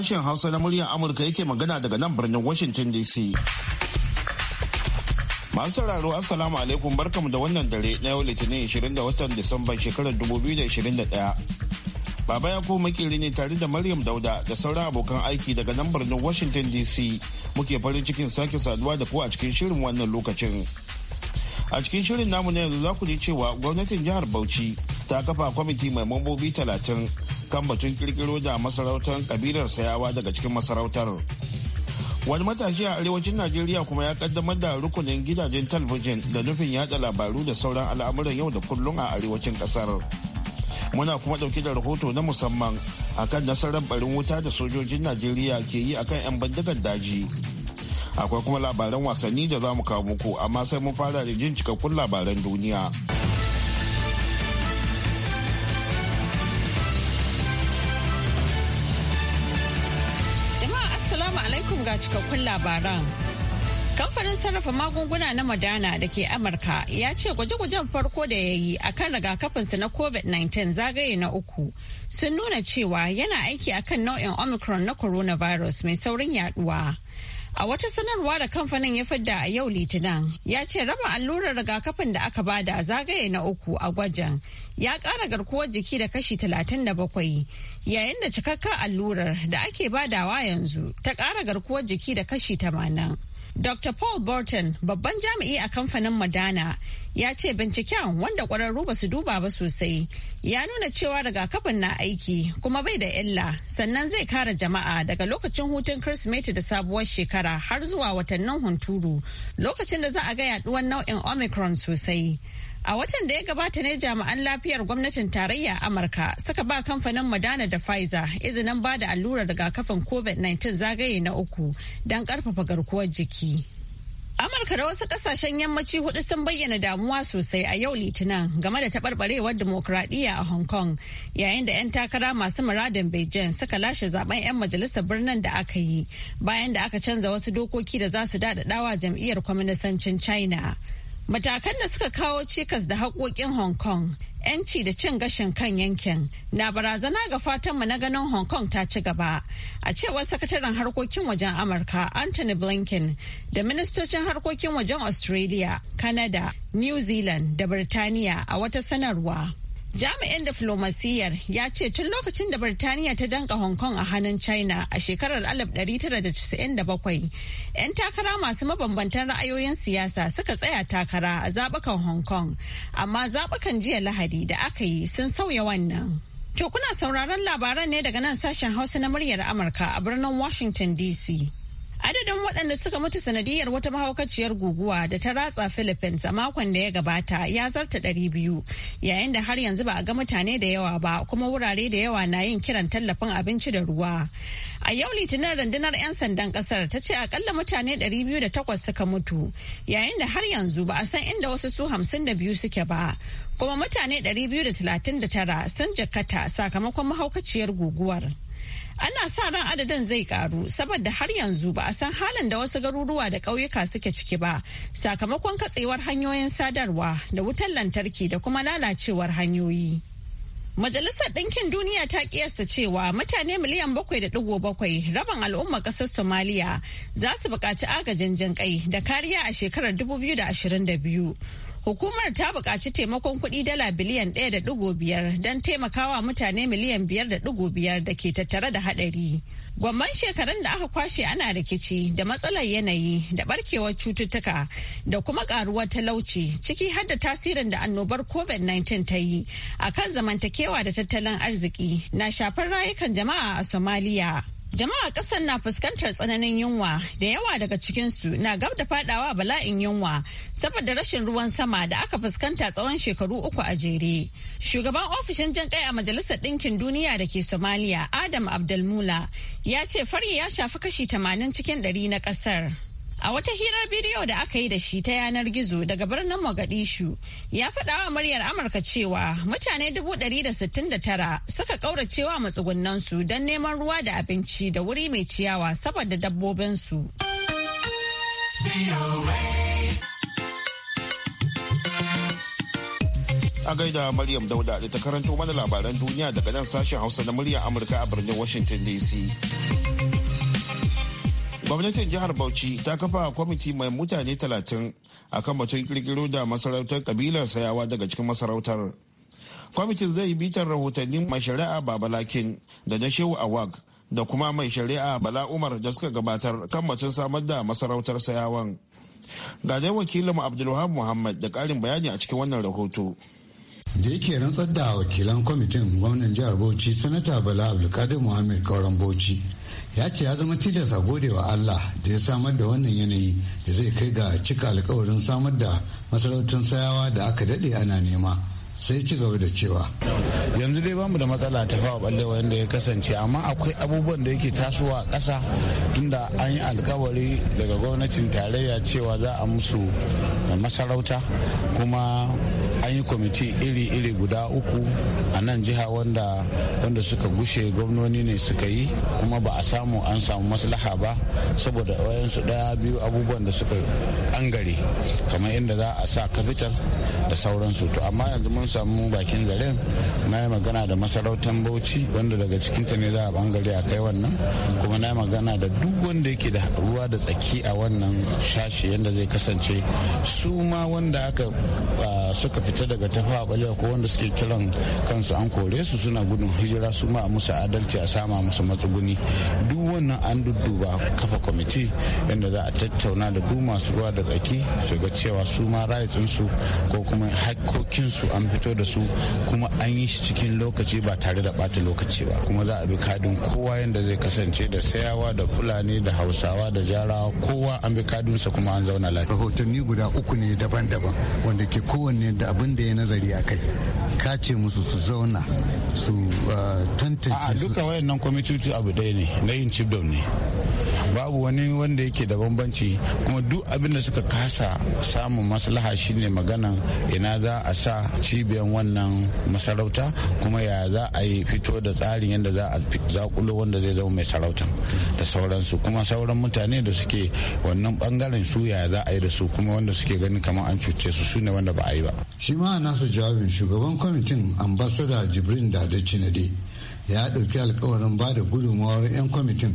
sashen Hausa na muryar Amurka yake magana daga nan birnin Washington DC. Masu sauraro Assalamu alaikum barkamu da wannan dare na yau Litinin 20 da watan Disamba shekarar 2021. Baba ya ko makili ne tare da Maryam Dauda da sauran abokan aiki daga nan birnin Washington DC muke farin cikin sake saduwa da ku a cikin shirin wannan lokacin. A cikin shirin namu na yanzu za ku ji cewa gwamnatin jihar Bauchi ta kafa kwamiti mai mambobi talatin kan batun kirkiro da masarautar kabilar sayawa daga cikin masarautar wani matashi a arewacin najeriya kuma ya kaddamar da rukunin gidajen talabijin da nufin yada labaru da sauran al'amuran yau da kullum a arewacin kasar muna kuma dauke da rahoto na musamman akan nasarar barin wuta da sojojin najeriya ke yi akan 'yan bindigar daji akwai kuma labaran wasanni da za mu kawo muku amma sai mun fara da jin cikakkun labaran duniya. ga cikakkun labaran. Kamfanin sarrafa magunguna na madana da ke Amurka ya ce gwaje-gwajen farko da ya yi akan rigakafinsa na COVID-19 zagaye na uku sun nuna cewa yana aiki akan nau'in Omicron na coronavirus mai saurin yaduwa. A wata sanarwa da kamfanin ya fidda a yau Litinin ya ce raba allurar rigakafin da aka bada a zagaye na uku a gwajin ya ƙara garkuwar jiki da kashi 37 yayin da cikakkar allurar da ake badawa yanzu ta ƙara garkuwar jiki da kashi 80. Dr. Paul Burton, babban jami'i a kamfanin Madana, ya ce binciken wanda ƙwararru ba su duba ba sosai ya nuna cewa rigakafin na aiki kuma bai da illa sannan zai kare jama'a daga lokacin hutun kirsimeti da sabuwar shekara har zuwa watannin hunturu lokacin da za a ga yaduwar nau'in omicron sosai. A watan da ya gabata ne jami'an lafiyar gwamnatin tarayya Amurka suka ba kamfanin Madana da Pfizer izinin ba da allurar rigakafin COVID-19 zagaye na uku don karfafa garkuwar jiki. Amurka da wasu kasashen yammaci hudu sun bayyana damuwa sosai a yau litinin game da taɓarɓarewar demokuraɗiyya a Hong Kong yayin da 'yan takara masu muradin Beijing suka lashe zaben 'yan majalisar birnin da aka yi bayan da aka canza wasu dokoki da za su daɗaɗawa jam'iyyar kwaminisancin China. Matakan da suka kawo cikas da haƙoƙin Hong Kong, 'yanci da cin gashin kan yankin na barazana ga fatanmu na ganin Hong Kong ta ci gaba. A cewar sakataren harkokin wajen Amurka Anthony Blinken da ministocin harkokin wajen Australia, Canada, New Zealand da Birtaniya a wata sanarwa. Jami'in diflomasiyyar ya ce tun lokacin da Birtaniya ta danka Hong Kong a hannun China a shekarar 1997, 'yan takara masu mabambantan ra'ayoyin siyasa suka tsaya takara a zabukan Hong Kong, amma zabukan jiya Lahadi da aka yi sun sauya wannan. To kuna sauraron labaran ne daga nan sashen Hausa na muryar Amurka a birnin Washington DC. Adadin waɗanda suka mutu sanadiyar wata mahaukaciyar guguwa da ta ratsa Philippines a makon da ya gabata ya zarta ɗari biyu yayin da har yanzu ba a ga mutane da yawa ba kuma wurare da yawa na yin kiran tallafin abinci da ruwa. A yau litinin rundunar 'yan sandan ƙasar ta ce akalla mutane ɗari biyu da takwas suka mutu yayin da har yanzu ba a san inda wasu su hamsin da biyu suke ba. Kuma mutane ɗari biyu da talatin da tara sun jakata sakamakon mahaukaciyar guguwar. ana sa ran adadin zai karu saboda har yanzu ba a san halin da wasu garuruwa da ƙauyuka suke ciki ba sakamakon katsewar hanyoyin sadarwa da wutar lantarki da kuma lalacewar hanyoyi Majalisar Ɗinkin Duniya ta kiyasta cewa mutane miliyan bakwai da ɗigo bakwai rabin al'umma ƙasar Somaliya za su buƙaci agajin jinƙai da kariya a shekarar 2022. Hukumar ta bukaci taimakon kuɗi dala biliyan ɗaya da ɗigo biyar don taimakawa mutane miliyan biyar da ɗigo biyar da ke tattare da haɗari. Gwamman shekarun da aka kwashe ana rikici da matsalar yanayi da barkewar cututtuka da kuma karuwar talauci ciki har da tasirin da annobar COVID-19 ta yi akan zamantakewa da tattalin arziki na shafar rayukan jama'a a Somalia. Jama'a ƙasar na fuskantar tsananin yunwa da yawa daga cikinsu na gab da fadawa bala'in yunwa saboda rashin ruwan sama da aka fuskanta tsawon shekaru uku a jere. Shugaban ofishin jan kai a Majalisar Ɗinkin Duniya da ke Somalia Adam Abdulmula ya ce fari ya shafi kashi 80 cikin 100 na ƙasar. A wata hirar bidiyo da aka yi da shi ta yanar gizo daga birnin Mogadishu ya faɗa wa muryar Amurka cewa mutane 169 suka ƙauracewa matsugunansu don neman ruwa da abinci da wuri mai ciyawa saboda dabbobinsu. A gaida Maryam Dauda da ta karanto mana labaran duniya daga nan sashen Hausa na muryar Amurka a birnin Washington DC. gwamnatin jihar bauchi ta kafa kwamiti mai mutane talatin akan batun kirkiro da masarautar kabilar sayawa daga cikin masarautar kwamitin zai bitar rahotannin mai shari'a babalakin da na shehu awag da kuma mai shari'a bala umar da suka gabatar kan batun samar da masarautar sayawan ga dai wakilin abdulwahab muhammad da karin bayani a cikin wannan rahoto da yake rantsar da wakilan kwamitin gwamnan jihar bauchi sanata bala abdulkadir muhammad kauran bauchi ya ce ya zama tilas a gode Allah da ya samar da wannan yanayi da zai kai ga cika alkawarin samar da masarautun sayawa da aka dade ana nema sai ci gaba da cewa yanzu dai bamu da matsala ta fawa balle wanda ya kasance amma akwai abubuwan da yake tasowa a ƙasa tunda an yi alkawari daga gwamnatin tarayya cewa za a musu masarauta kuma an yi kwamiti iri-iri guda uku a nan jiha wanda wanda suka gushe gwamnoni ne suka yi kuma ba a samu an samu maslaha ba saboda wayansu daya biyu abubuwan da suka angare kamar inda za a sa kafital da sauransu to amma yanzu mun samu bakin zaren na yi magana da masarautar bauchi wanda daga cikinta ne za a bangare a kai wannan kuma na yi magana da duk wanda yake da ruwa da tsaki a wannan shashi yadda zai kasance su ma wanda aka suka fita ta daga tafa a balewa ko wanda suke kiran kansu an kore su suna gudun hijira su ma a musu adalci a sama musu matsuguni duk wannan an dudduba kafa kwamiti yadda za a tattauna da duk masu ruwa da tsaki su ga cewa su ma rayatsinsu ko kuma hakkokinsu an fito da su kuma an yi shi cikin lokaci ba tare da ɓata lokaci ba kuma za a bi kadin kowa yadda zai kasance da sayawa da fulani da hausawa da jarawa kowa an bi kadinsa kuma an zauna lafiya rahotanni guda uku ne daban-daban wanda ke kowanne da abin wanda ya nazari a kai ka ce musu su zauna su uh, tantance a duka wayannan kwamitoci abu daya ne na yin chip ne babu wani wanda yake da bambanci kuma duk abin da suka kasa samun maslaha shine magana ina za a sa cibiyan wannan masarauta kuma ya za a yi fito da tsarin yadda za a zakulo wanda zai zama mai sarauta da sauransu kuma sauran mutane da suke wannan bangaren su ya za a yi da su kuma wanda suke ganin kamar an cuce su su ne wanda ba a yi ba shi ma nasa jawabin shugaban kwamitin ambasada jibrin da da ya dauki alkawarin ba da gudunmawar 'yan kwamitin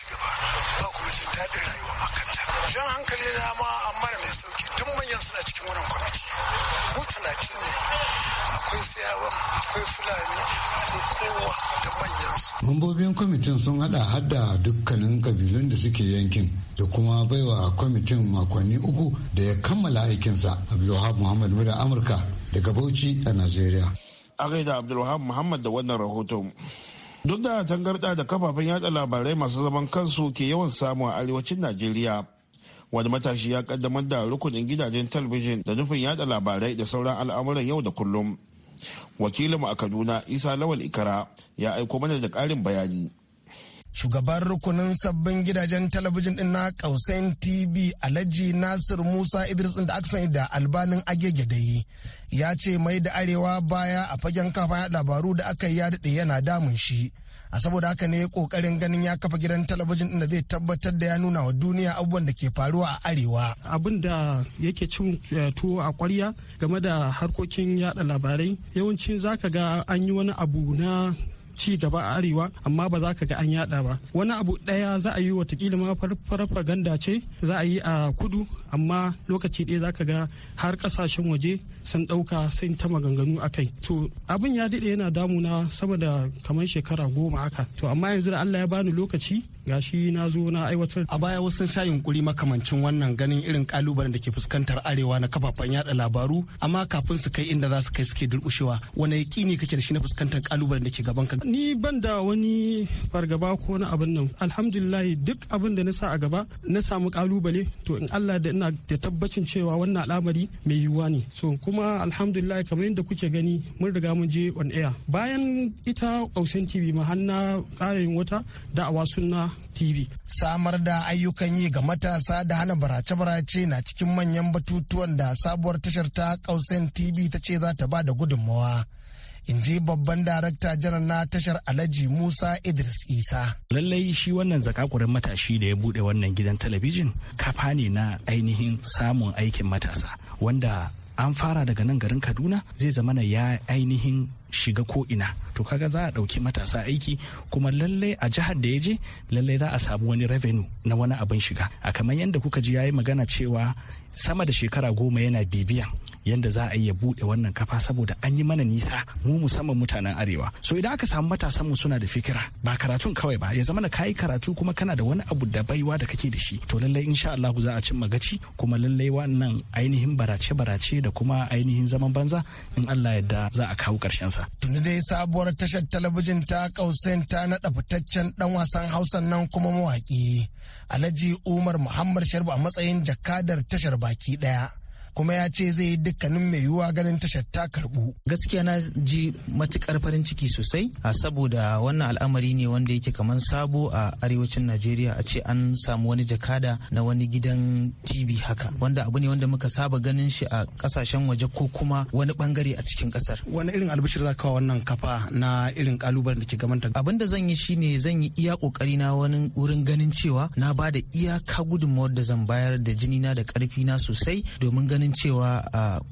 Mambobin kwamitin sun hada hadda dukkanin kabilun da suke yankin da kuma baiwa kwamitin makonni uku da ya kammala aikinsa Abdulwahab Muhammad Mura Amurka daga Bauchi a nigeria. A gaida Abdulwahab Muhammad da wannan rahoton. Duk da tangarda da kafafen yada labarai masu zaman kansu ke yawan samu a arewacin Najeriya. Wani matashi ya kaddamar da rukunin gidajen talabijin da nufin yada labarai da sauran al'amuran yau da kullum. wakilinmu a kaduna isa lawal ikara ya aiko mana da karin bayani shugaban rukunin sabbin gidajen talabijin din na kausain tv alhaji nasir musa idris da aka sani da albanin agege da yi ya ce mai da arewa baya a fagen kafa labaru da aka yi ya daɗe yana damun shi a saboda haka ne kokarin ganin ya kafa gidan talabijin da zai tabbatar da ya nuna wa duniya abubuwan da ke faruwa a arewa abin da yake cin eh, tuwo a kwarya game da harkokin yada labarai yawanci zaka ga an yi wani abu na ci gaba a arewa amma ba za ka ga an yada ba wani abu daya za a yi watakila ma farfaganda ce za a yi a kudu amma lokaci ɗaya zaka ga har kasashen waje sun ɗauka sun ta maganganu a kai to abin ya daɗe yana damuna sama da kamar shekara goma aka to amma yanzu da Allah ya bani lokaci ga shi na zo na aiwatar a baya wasu sha yunkuri makamancin wannan ganin irin kalubalen da ke fuskantar arewa na kafafen yada labaru amma kafin su kai inda za su kai suke durkushewa wani yakini kake da shi na fuskantar kalubalen da ke gaban ka ni ban da wani fargaba ko na abin nan alhamdulillah duk abin da na sa a gaba na samu kalubale to in Allah da ina da tabbacin cewa wannan al'amari mai yiwuwa ne so kuma alhamdulillah kamar yadda kuke gani mun riga mun je on air bayan ita kausen tv ma har na ƙarayin wata da'awa sunna TV. Samar da ayyukan yi ga matasa da hana barace-barace na cikin manyan batutuwan da sabuwar tashar ta Kausen TV ta ce za ta ba da gudunmawa. in ji babban darakta janar na tashar alhaji musa idris isa lallai shi wannan zakakurin matashi da ya bude wannan gidan talabijin kafa ne na ainihin samun aikin matasa wanda an fara daga nan garin kaduna zai zamana ya ainihin shiga ko ina to kaga za a ɗauki matasa aiki kuma lallai a jihar da ya je lallai za a samu wani revenue na wani abin shiga a kamar yadda kuka ji yayi magana cewa sama da shekara goma yana bibiyan yadda za a iya buɗe wannan kafa saboda an yi mana nisa mu musamman mutanen arewa so idan aka samu matasan mu suna da fikira ba karatun kawai ba ya zama na kayi karatu kuma kana da wani abu da baiwa da kake da shi to lallai insha Allah za a cimma gaci kuma lallai wannan ainihin barace barace da kuma ainihin zaman banza in Allah yadda za a kawo karshen sa Hausa. Tuni dai sabuwar tashar talabijin ta Kausain ta naɗa fitaccen ɗan wasan Hausa nan kuma mawaƙi. Alhaji Umar Muhammad Sharbu a matsayin jakadar tashar baki ɗaya. kuma ya ce zai yi dukkanin mai yiwuwa ganin tashar ta karbu gaskiya na ji matukar farin ciki sosai a saboda wannan al'amari ne wanda yake kamar sabo a arewacin najeriya a ce an samu wani jakada na wani gidan tv haka wanda abu ne wanda muka saba ganin shi a kasashen waje ko kuma wani bangare a cikin kasar wani irin albishir za kawo wannan kafa na irin kalubalen da ke gamanta abin da zan yi shine zan yi iya kokari na wani wurin ganin cewa na ba da iyaka gudunmawar da zan bayar da jini na da karfi na sosai domin ganin ganin cewa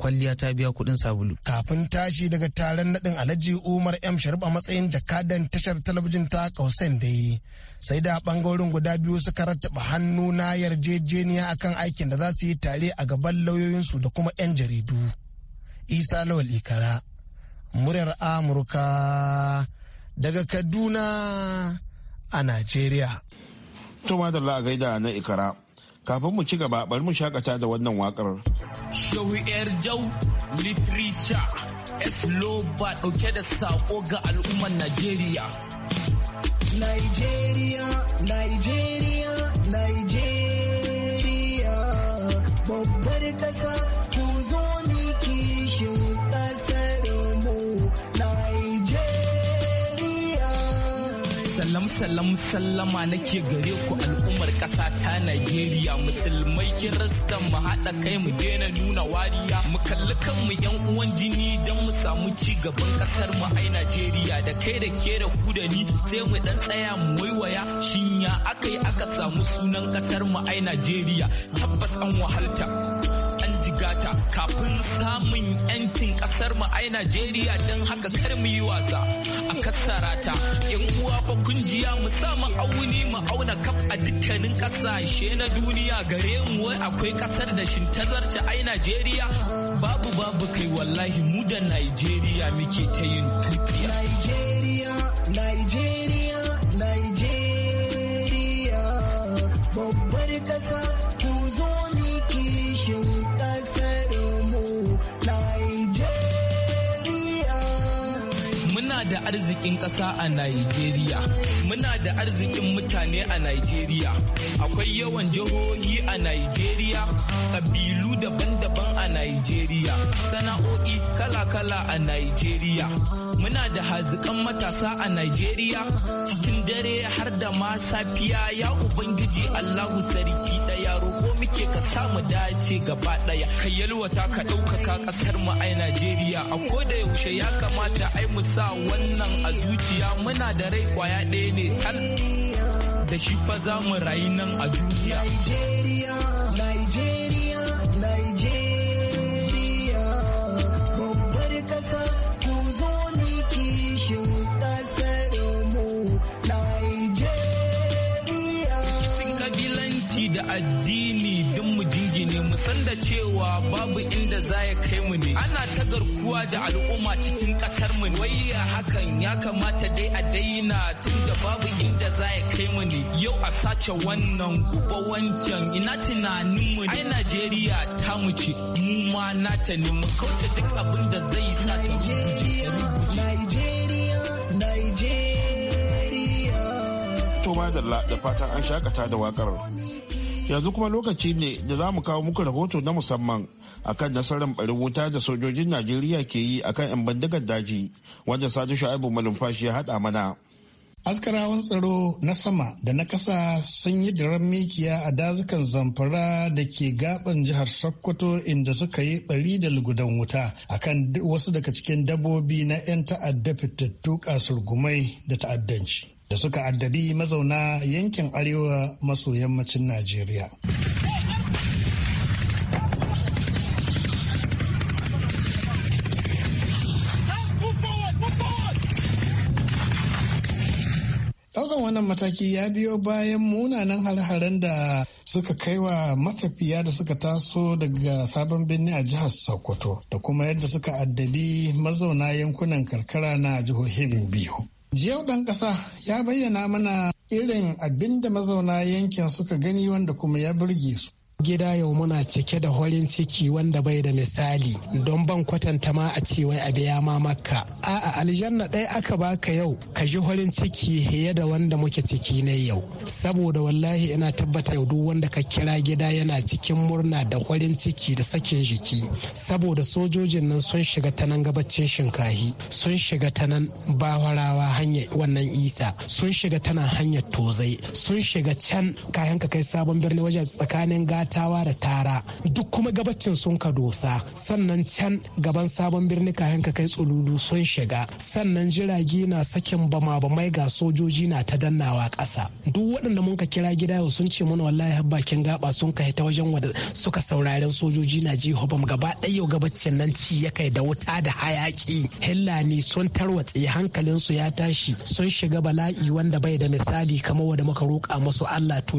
kwalliya ta biya kuɗin sabulu. Kafin tashi daga taron naɗin Alhaji Umar M Sharif a matsayin jakadan tashar talabijin ta Kausen da yi. Sai da ɓangarorin guda biyu suka rattaba hannu na yarjejeniya akan aikin da za su yi tare a gaban lauyoyinsu da kuma 'yan jaridu. Isa Lawal Ikara, muryar Amurka daga Kaduna a Najeriya. Tuma da la'agaida na Ikara. kafin mu ci gaba bari mu shakata da wannan wakar. Shawi'ar Jau Literature Esloba ɗauke da sako ga al'ummar Najeriya. Nigeria, Nigeria, Nigeria, babbar ƙasa ku zo ni kishin ƙasar mu Nigeria. Salam salam sallama nake gare ku al'umma. Ƙasata ta Najeriya musulmai rasta mu haɗa kai mu daina nuna wariya mu kalli kanmu yan uwan jini don mu samu ci gaban ƙasar mu ai Najeriya da kai da ke da ku da ni sai mu dan tsaya mu waiwaya shin ya akai aka samu sunan ƙasar mu ai Najeriya tabbas an wahalta kafin samun yancin kasar mu ai Najeriya don haka kar mu yi wasa a kasara ta yan uwa fa kunjiya mu sa mu auni mu auna kaf a dukkanin kasashe na duniya gare mu wai akwai kasar da shin zarce ai Najeriya babu babu kai wallahi mu da Najeriya muke ta yin tafiya Najeriya Najeriya Najeriya babbar kasa arzikin ƙasa a Najeriya. Muna da arzikin mutane a Najeriya. Akwai yawan jihohi a Najeriya. kabilu daban-daban a Najeriya, sana'o'i kala-kala a Najeriya. Muna da hazikan matasa a Najeriya, cikin dare har da ma safiya ya Ubangiji Allahu sarki ɗaya roko muke ka samu dace gaba ɗaya. Kai yalwata ka ɗaukaka ƙasar mu a Nigeria, a koda yaushe ya kamata ai mu sa wannan a zuciya muna da rai kwaya ɗaya ne tal. da shi fa za mu rayu nan a duniya Nigeria Nigeria Nigeria babbar kasa ku zo ni kishin kasar mu Nigeria cikin kabilanci da addini don mu jingine mu san da cewa babu inda za ya kai mu ne ana ta garkuwa da al'umma cikin kasa mu wai hakan ya kamata dai a daina tun da babu inda za ya kai mu ne yau a sace wannan kuma wancan ina tunanin mu ai Najeriya ta mu ce mu ma nata ne mu kauce duk abin da zai sa ta Najeriya Najeriya to madalla da fatan an shakata da wakar yanzu kuma lokaci ne da za mu kawo muku rahoto na musamman akan nasarar barin wuta da sojojin najeriya ke yi akan 'yan bandigar daji wanda sadu sha'ibu malumfashi ya haɗa mana askarawan tsaro na sama da na kasa sun yi daren mikiya a dazukan zamfara da ke gaban jihar sokoto inda suka yi bari da lugudan wuta akan wasu daga cikin dabobi na 'yan ta'adda fitattu kasurgumai da ta'addanci da suka addabi mazauna yankin arewa maso yammacin Najeriya. Daukan wannan mataki ya biyo bayan munanan har-haren da suka kaiwa matafiya da suka taso daga sabon birni a jihar Sokoto da kuma yadda suka addabi mazauna yankunan karkara na jihohin biyu. Jiyau ɗan ƙasa ya bayyana mana irin abin da mazauna yankin suka gani wanda kuma ya burge su. Gida yau muna cike da horin ciki wanda bai da misali don ban kwatanta ma a ce wai a biya ma makka. A'a aljanna ɗaya aka baka yau ka ji horin ciki fiye da wanda muke ciki ne yau. Saboda wallahi ina tabbata yau duk wanda ka kira gida yana cikin murna da horin ciki da sakin jiki. Saboda sojojin nan sun shiga ta nan gabacin shinkahi sun shiga ta nan bawarawa hanyar wannan isa sun shiga tana hanyar tozai sun shiga can kayan ka kai sabon birni wajen tsakanin gata tawa da tara duk kuma gabacin sun ka dosa sannan can gaban sabon birni kayan ka kai tsululu sun shiga sannan jirage na sakin bama mai ga sojoji na ta dannawa ƙasa duk waɗanda mun ka kira gida yau sun ce mana wallahi har bakin gaba sun kai ta wajen wanda suka sauraren sojoji na ji hobam gaba ɗaya yau gabacin nan ci ya kai da wuta da hayaki hillani sun tarwatse su ya tashi sun shiga bala'i wanda bai da misali kamar wanda muka roƙa musu Allah to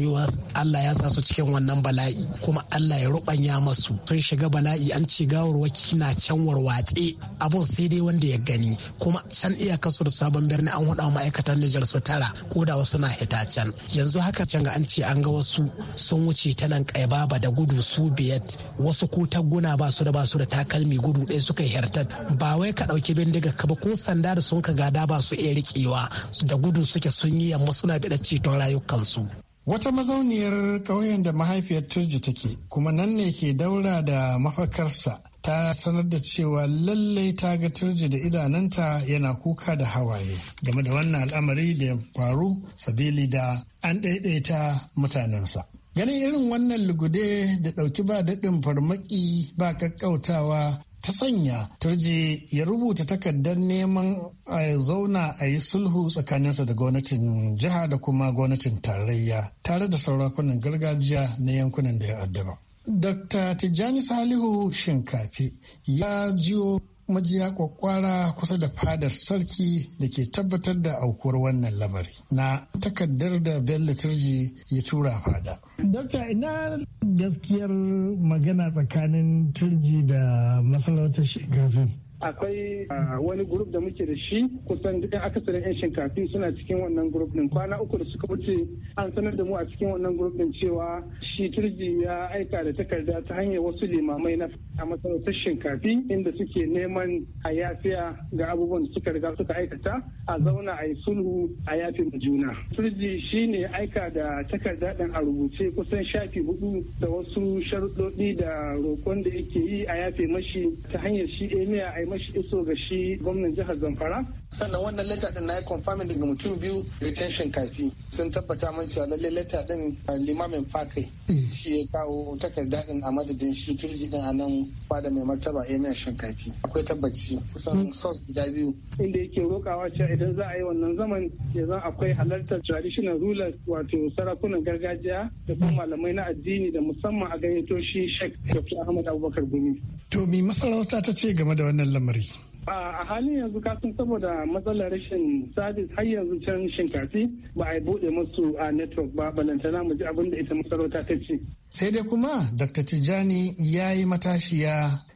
Allah ya sa su cikin wannan bala'i kuma Allah ya rubanya masu sun shiga bala'i an ce gawarwaki na can warwatse abun sai dai wanda ya gani kuma can iyaka su da sabon birni an huda ma'aikatan Nijar su tara ko da wasu na hita can yanzu haka can ga an ce an ga wasu sun wuce ta nan kaibaba da gudu su biyat wasu ko taguna ba su da ba su da takalmi gudu ɗaya suka hirtar ba wai ka ɗauki bindiga ka ba ko sanda da sun ka gada ba su iya riƙewa da gudu suke sun yi yamma suna biɗa ceton rayukansu Wata mazauniyar ƙauyen da mahaifiyar Turji take kuma nan ne ke daura da mafakarsa ta sanar da cewa lallai ta ga turji da idananta yana kuka da hawaye game da wannan al'amari da ya faru sabili da an ɗaiɗaita mutanensa. Ganin irin wannan lugude da ɗauki ba daɗin farmaki ba ƙaƙƙautawa ta sanya turji ya rubuta takardar neman a zauna a yi sulhu tsakaninsa da gwamnatin jiha da kuma gwamnatin tarayya tare da saurakunan gargajiya na yankunan da ya addaba. Dr. Tijjani Salihu Shinkafi ya jiyo majiya kwakwara kusa da fadar sarki da ke tabbatar da aukuwar wannan lamari na takardar da bello turji ya tura fada. Dokta ina gaskiyar magana tsakanin turji da masarautar shekaru akwai ah, wani grup da muke da shi kusan duk akasarin yan shinkafi suna cikin wannan grup din kwana uku da suka wuce an sanar da mu a cikin wannan grup din cewa shi turji ya aika da takarda ta hanyar wasu limamai na a masarautar shinkafi inda suke neman a yafiya ga abubuwan da suka riga suka aikata a zauna a yi sulhu a yafi juna turji shi ne aika da takarda din a rubuce kusan shafi hudu da wasu sharuɗoɗi da roƙon da yake yi a yafe mashi ta hanyar shi emiya a mashi iso ga shi gwamnan jihar zamfara sannan wannan leta din na yi confirming daga mutum biyu retention kafi sun tabbata mun cewa lalle leta din uh, limamin fakai eh. shi ya kawo takarda din a madadin shi turji din a nan fada mai martaba emir shinkafi akwai tabbaci kusan hmm. source guda biyu inda yake rokawa cewa idan za a yi wannan zaman ya zan akwai halartar traditional rulers wato sarakunan gargajiya da kuma malamai na addini da musamman a gayyato shi sheikh dr ahmad abubakar gumi to mi masarauta ta ce game da wannan lamari a halin yanzu kasan saboda matsalar rashin sabis har yanzu can shinkafi ba a bude musu a network ba balantana mu ji abin da ita masarauta ta ce. sai dai kuma dr tijjani ya yi matashiya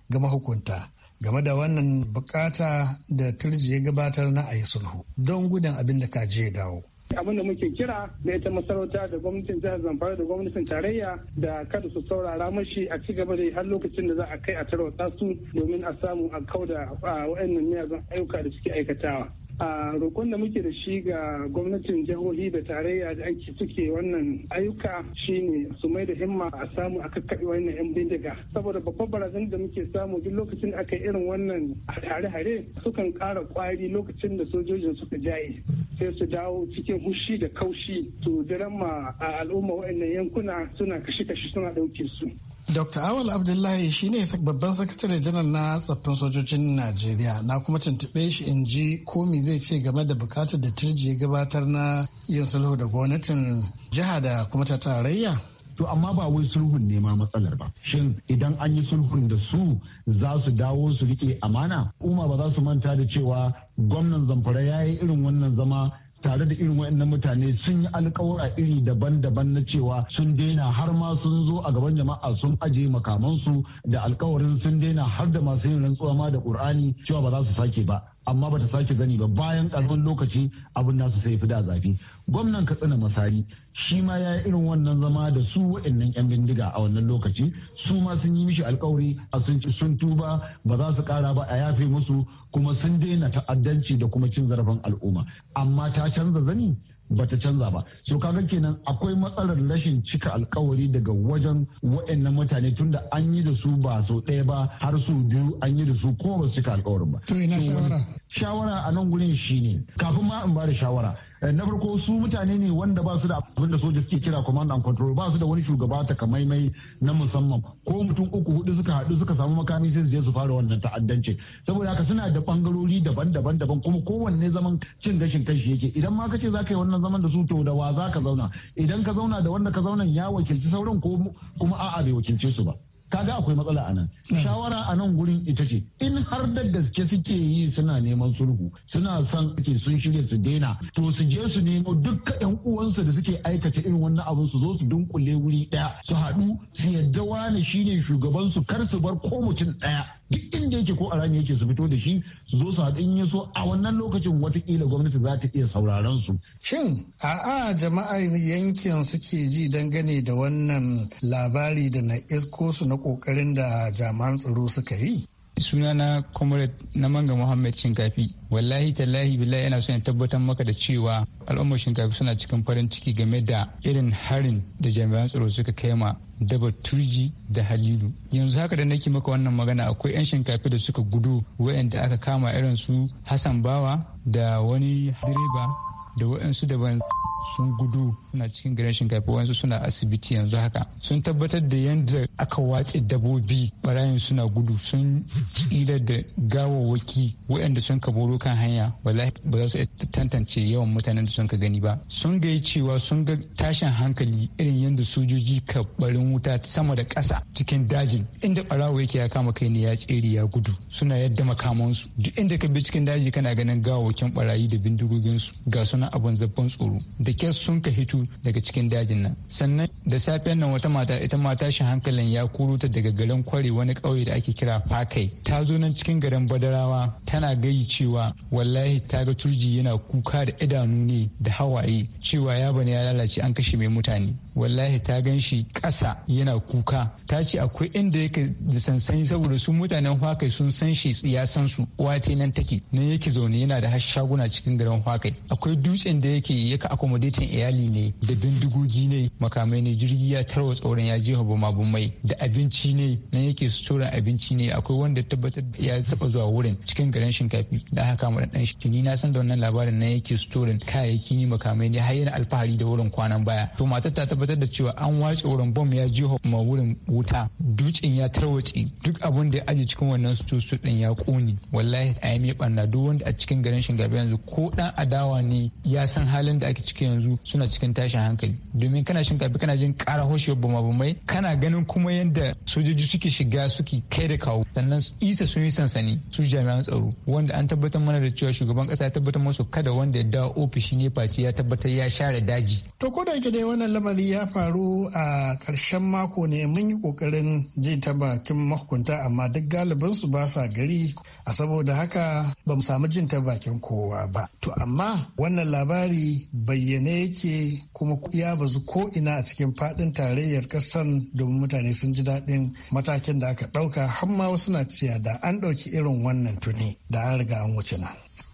ga mahukunta game da wannan bukata da turji ya gabatar na a yi sulhu don gudan abin da kaji ya dawo. abin da muke kira na ita masarauta da gwamnatin jihar zamfara da gwamnatin tarayya da kada su saurara mashi a ci gaba da har lokacin da za a kai a tarwatsa su domin a samu a kauda waɗannan miyagun ayyuka da suke aikatawa. a roƙon da muke da shi ga gwamnatin jihohi da tarayya da ake suke wannan ayyuka shine su mai da himma a samu a kakkaɓe wannan yan bindiga saboda babbar barazan da muke samu duk lokacin da aka irin wannan hare-hare sukan ƙara ƙwari lokacin da sojojin suka jaye sai su dawo cikin hushi da kaushi to diran a al'umma waɗannan yankuna suna kashe-kashe suna ɗauke su Dr. Awal Abdullahi shi ne babban sakatare janar na tsaffin sojojin Najeriya na kuma tuntuɓe shi in ji ko me zai ce game da bukatar da turji gabatar na yin sulhu da gwamnatin jiha da kuma ta tarayya. To amma ba wai sulhun ne ma matsalar ba. Shin idan an yi sulhun da su za su dawo su rike amana? Uma ba za su manta da cewa gwamnan zamfara ya yi irin wannan zama tare da irin waɗannan mutane sun yi alkawura iri daban-daban na cewa sun daina har ma sun zo a gaban jama'a sun aje makamansu da alkawarin sun daina har da masu yin rantsuwa ma da ƙur'ani cewa ba za su sake ba amma ba ta sake zani ba bayan karamin lokaci abin nasu sai fi da zafi gwamnan katsina masari shi ma ya yi irin wannan zama da su wa'annan yan bindiga a wannan lokaci su ma sun yi mishi alkawari a sun ci sun tuba ba za su kara ba a yafe musu kuma sun daina ta'addanci da kuma cin zarafin al'umma amma ta canza zani bata canza ba so kaga kenan akwai matsalar rashin cika alkawari daga wajen wa'annan mutane tunda an yi da su ba so ɗaya ba har su biyu an yi da su kuma ba su cika alkawarin ba to ina shawara shawara a nan gurin shine kafin ma in ba da shawara Eh, na farko su mutane ne wanda ba su da abin da soja suke kira command and control ba su da wani shugaba takamaimai na musamman ko mutum uku hudu suka haɗu suka samu makami sai su je su fara wannan ta'addanci saboda haka suna da bangarori daban-daban daban kuma kowanne zaman cin gashin kanshi yake idan ma ka ce za ka yi wannan zaman da su to da wa za ka zauna idan ka zauna da wanda ka zauna ya wakilci sauran ko kuma a'a bai wakilce su ba kaga akwai matsala a nan hmm. shawara a nan gurin ita ce in har da gaske suke yi suna neman sulhu suna son ake sun shirya su daina to su je su nemo duka yan uwansu da suke aikata irin wannan abin su zo su dunkule wuri daya su haɗu su yadda wani shine shugaban su kar su bar ko mutum daya duk inda yake ko a rani yake su fito da shi su zo su haɗu in yi so a wannan lokacin watakila gwamnati za ta iya sauraron su. Shin a'a jama'ar yankin suke ji dangane da wannan labari da na isko su na ƙoƙarin da jami'an tsaro suka yi? sunana comrade na manga muhammad shinkafi wallahi tallahi billahi yana son ya tabbatar maka da cewa al'ummar shinkafi suna cikin farin ciki game da irin harin da jami'an tsaro suka kai ma daba turji da halilu yanzu haka da nake maka wannan magana akwai 'yan shinkafi da suka gudu wayanda aka kama irin su hassan bawa da wani direba da waɗansu daban sun gudu suna cikin garin shinkafa wasu suna asibiti yanzu haka sun tabbatar da yadda aka watse dabobi barayin suna gudu sun kila da gawawwaki waɗanda sun ka boro kan hanya wallahi ba za su tantance yawan mutanen da sun ka gani ba sun ga cewa sun ga tashin hankali irin yadda sojoji ka barin wuta sama da ƙasa cikin dajin inda barawo yake ya kama kai ne ya tsere ya gudu suna yadda makamansu duk inda ka bi cikin daji kana ganin gawawwakin barayi da bindigoginsu su ga suna abin zabban tsoro da jikin sun ka hitu daga cikin dajin nan sannan da safiyan nan wata mata ita ma tashin hankalin ya kuruta daga garin kware wani ƙauye da ake kira fakai ta zo nan cikin garin badarawa tana gayi cewa wallahi ta ga turji yana kuka da idanu ne da hawaye cewa ya bane ya lalace an kashe mai mutane wallahi ta gan shi ƙasa yana kuka ta ce akwai inda yake da sansani saboda su mutanen hwakai sun san shi ya san su wate nan take nan yake zaune yana da shaguna cikin garin hwakai akwai dutsen da yake yaka accommodating iyali ne da bindigogi ne makamai ne jirgi ya tarwa tsoron ya jefa bama mai da abinci ne nan yake storan abinci ne akwai wanda tabbatar ya taba zuwa wurin cikin garin shinkafi da haka mu dan shi ni na san da wannan labarin nan yake storan kayayyaki ne makamai ne har yana alfahari da wurin kwanan baya to matar ta tabbatar tabbatar da cewa an watse wurin bom ya jiho ma wurin wuta dutsen ya tarwace duk abin da ya aje cikin wannan su din ya kone wallahi a yi banna duk wanda a cikin garin shingabe yanzu ko dan adawa ne ya san halin da ake ciki yanzu suna cikin tashin hankali domin kana shinkafi kana jin kara hoshewar bama bamai kana ganin kuma yadda sojoji suke shiga suke kai da kawo sannan isa sun yi sansani su jami'an tsaro wanda an tabbatar mana da cewa shugaban kasa ya tabbatar musu kada wanda ya dawo ofishi ne face ya tabbatar ya share daji to ko da yake dai wannan lamari ya faru a karshen mako ne mun yi ƙoƙarin ji ta bakin mahukunta amma duk galibin su ba sa gari a saboda haka ba mu samu jin ta bakin kowa ba. To amma wannan labari bayyane yake kuma ya bazu ko ina a cikin faɗin tarayyar ƙasan domin mutane sun ji daɗin matakin da aka ɗauka har ma wasu na cewa da an ɗauki irin wannan tuni da an riga an wuce na.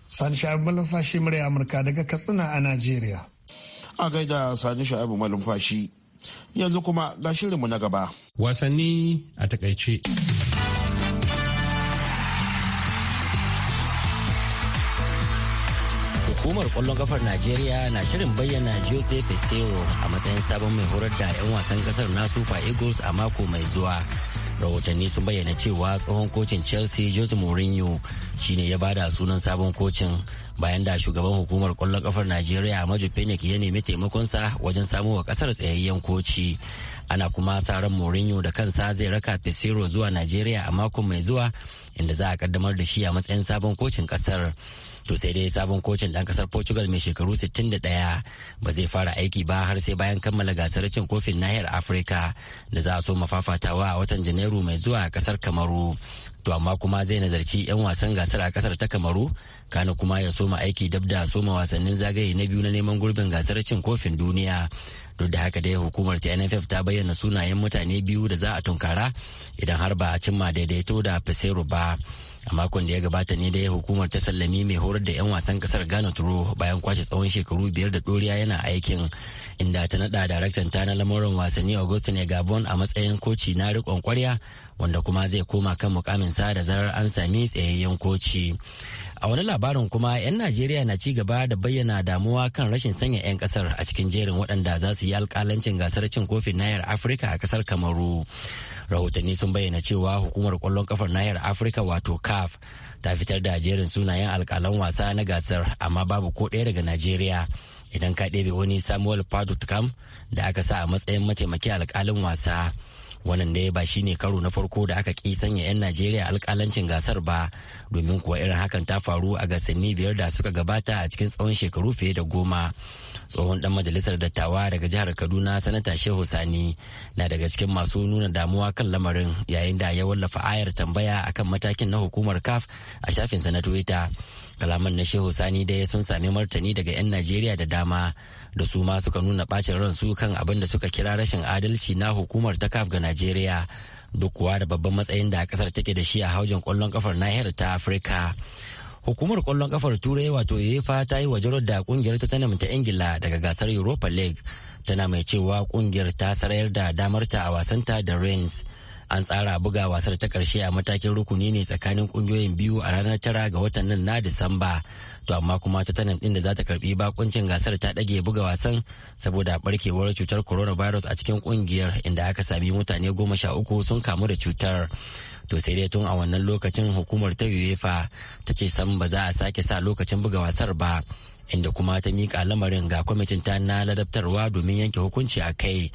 Sani Shahab Malafashi murya Amurka daga Katsina a Najeriya. a gaida sani sha'abu malumfashi yanzu kuma ga shirinmu na gaba wasanni a takaice hukumar kwallon kafar najeriya na shirin bayyana jose pesero a matsayin sabon mai horar da 'yan wasan kasar na super eagles a mako mai zuwa rahotanni sun bayyana cewa tsohon kocin chelsea jose mourinho shine ya bada sunan sabon kocin bayan da shugaban hukumar kwallon kafar najeriya maju phoenix ya nemi taimakon sa wajen samu wa kasar tsayayyen koci ana kuma sa ran mourinho da kansa zai raka pesero zuwa najeriya a makon mai zuwa inda za a kaddamar da shi a matsayin sabon kocin kasar to sai dai sabon kocin dan kasar portugal mai shekaru 61 ba zai fara aiki ba har sai bayan kammala gasar cin kofin nahiyar afirka da za a so mafafatawa a watan janairu mai zuwa a ƙasar kamaru to amma kuma zai nazarci 'yan wasan gasar a kasar ta kamaru kano kuma ya soma aiki dab da soma wasannin zagaye na biyu na neman gurbin gasar cin kofin duniya duk da haka dai hukumar ta ta bayyana sunayen mutane biyu da za a tunkara idan har ba a cimma daidaito da fesero ba a makon da ya gabata ne dai hukumar ta sallami mai horar da 'yan wasan kasar ghana turo bayan kwashe tsawon shekaru biyar da doriya yana aikin inda ta nada daraktan ta na lamurin wasanni augustine gabon a matsayin koci na rikon kwarya wanda kuma zai koma kan mukamin sa da zarar an sami tsayayyen koci a wani labarin kuma 'yan najeriya na ci gaba da bayyana damuwa kan rashin sanya 'yan kasar a cikin jerin waɗanda za su yi alkalancin gasar cin kofin nayar afirka a kasar kamaru rahotanni sun bayyana cewa hukumar kwallon kafar nayar afirka wato caf ta fitar da jerin sunayen alkalan wasa na gasar amma babu ko ɗaya daga najeriya idan ka ɗebe wani samuel padukam da aka sa a matsayin mataimaki alkalin wasa wannan dai ba shi ne karo na farko da aka ki sanya 'yan najeriya alkalancin gasar ba domin kuwa irin hakan ta faru a gasanni biyar da suka gabata a cikin tsawon shekaru fiye da goma tsohon dan majalisar dattawa daga jihar kaduna sanata shehu sani na daga cikin masu nuna damuwa kan lamarin yayin da ya wallafa ayar tambaya akan matakin na hukumar caf a shafinsa na twitter kalaman na shehu sani dai sun sami martani daga 'yan najeriya da dama da su ma suka nuna bacin ransu kan abin da suka kira rashin adalci na hukumar ta kaf ga najeriya duk kuwa da babban matsayin da kasar take da shi a haujin kwallon kafar nahiyar ta afirka hukumar kwallon kafar turai wato uefa ta yi wajarar da kungiyar tana ta ingila daga gasar europa league tana mai cewa kungiyar ta sarayar da damarta a wasanta da rennes an tsara buga wasar ta karshe a matakin rukuni ne tsakanin kungiyoyin biyu a ranar tara ga watan nan na disamba to amma kuma tottenham din da za ta karbi bakuncin gasar ta dage buga wasan saboda barkewar cutar coronavirus a cikin kungiyar inda aka sami mutane goma sha uku sun kamu da cutar to sai dai tun a wannan lokacin hukumar ta uefa ta ce san ba za a sake sa lokacin buga wasar ba inda kuma ta miƙa lamarin ga kwamitin ta na ladabtarwa domin yanke hukunci a kai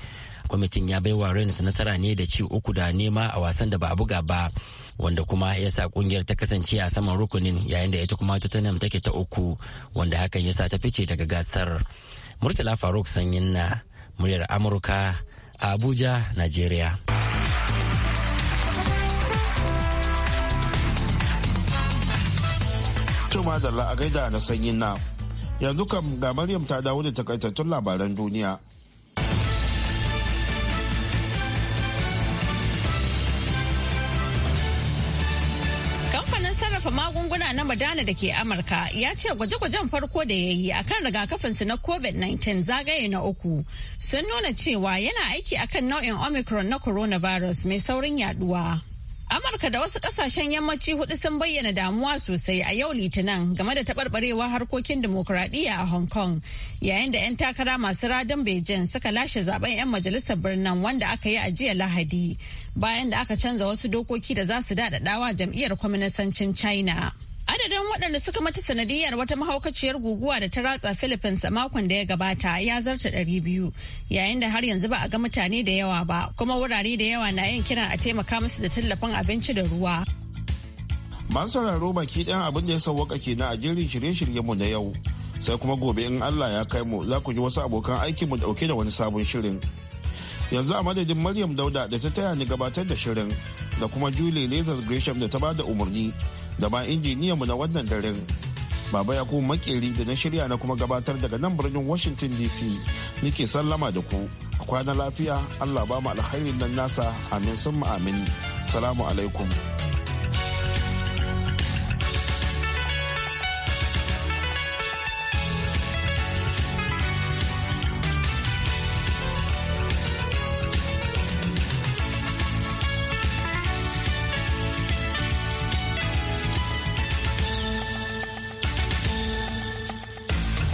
kwamitin ya bai wa Rennes nasara ne da ci uku da nema a wasan da ba a buga ba wanda kuma ya sa kungiyar ta kasance a saman rukunin yayin da ita kuma Tottenham take ta uku wanda hakan ya sa ta fice daga gasar. Murtala Faruk Sanyin na muryar Amurka Abuja, Najeriya. Tuma da la'agaida na sanyin na yanzu kam ga Maryam ta dawo da takaitattun labaran duniya. na Madana da ke Amurka ya ce gwaje-gwajen farko da ya yi akan rigakafinsu na COVID-19 zagaye na uku sun nuna cewa yana aiki akan nau'in Omicron na coronavirus mai saurin yaduwa. Amurka da wasu kasashen yammaci hudu sun bayyana damuwa sosai a yau litinin game da taɓarɓarewar harkokin demokuraɗiyya a Hong Kong yayin da 'yan takara masu radin Beijing suka lashe zaben 'yan majalisar birnin wanda aka yi a jiya Lahadi bayan da aka canza wasu dokoki da za su daɗaɗawa jam'iyyar kwaminisancin China. Adadin waɗanda suka mace sanadiyar wata mahaukaciyar guguwa da ta ratsa Philippines a makon da ya gabata ya zarta 200 yayin da har yanzu ba a ga mutane da yawa ba kuma wurare da yawa na yin kiran a taimaka musu da tallafin abinci da ruwa. Masu sauraro baki ɗan abin da ya sauwaka na a jerin shirye mu na yau. Sai kuma gobe in Allah ya kai mu za ku ji wasu abokan mu dauke da wani sabon shirin. Yanzu a madadin Maryam Dauda da ta taya ni gabatar da shirin da kuma Julie Lazar Gresham da ta ba da umarni. da ma mu na wannan daren. Baba ya kuma makeri da na shirya na kuma gabatar daga nan birnin Washington DC nike sallama da ku. A kwana lafiya Allah ba mu alkhairin nan nasa amin sun amin. Salamu alaikum.